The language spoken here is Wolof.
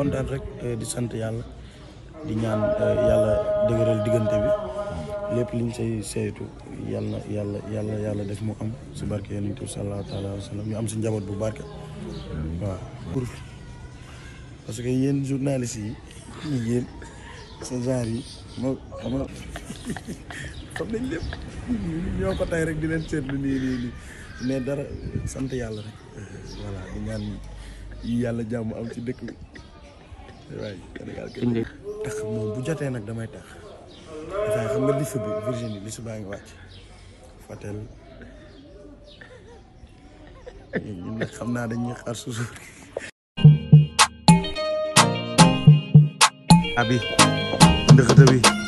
kontaan rek euh, di sant yàlla di ñaan euh, yàlla dëgëral diggante bi lépp liñ say saytu yàlla yàlla yàlla yàlla def mu am si barke yonent bi am si njaboot bu barke waaw pour que yéen journaliste yi ñu yéen sa genre yi moo xam rek di leen seetlu nii mais dara yàlla rek voilà jàmm am ci dëkk bi waay Sénégal tax moom jotee nag damay tax dafay xam nga liste bi Virginie liste baa ngi wàcc Fatel ñun nag xam naa dañuy xaar suuf. abi ndëxata bi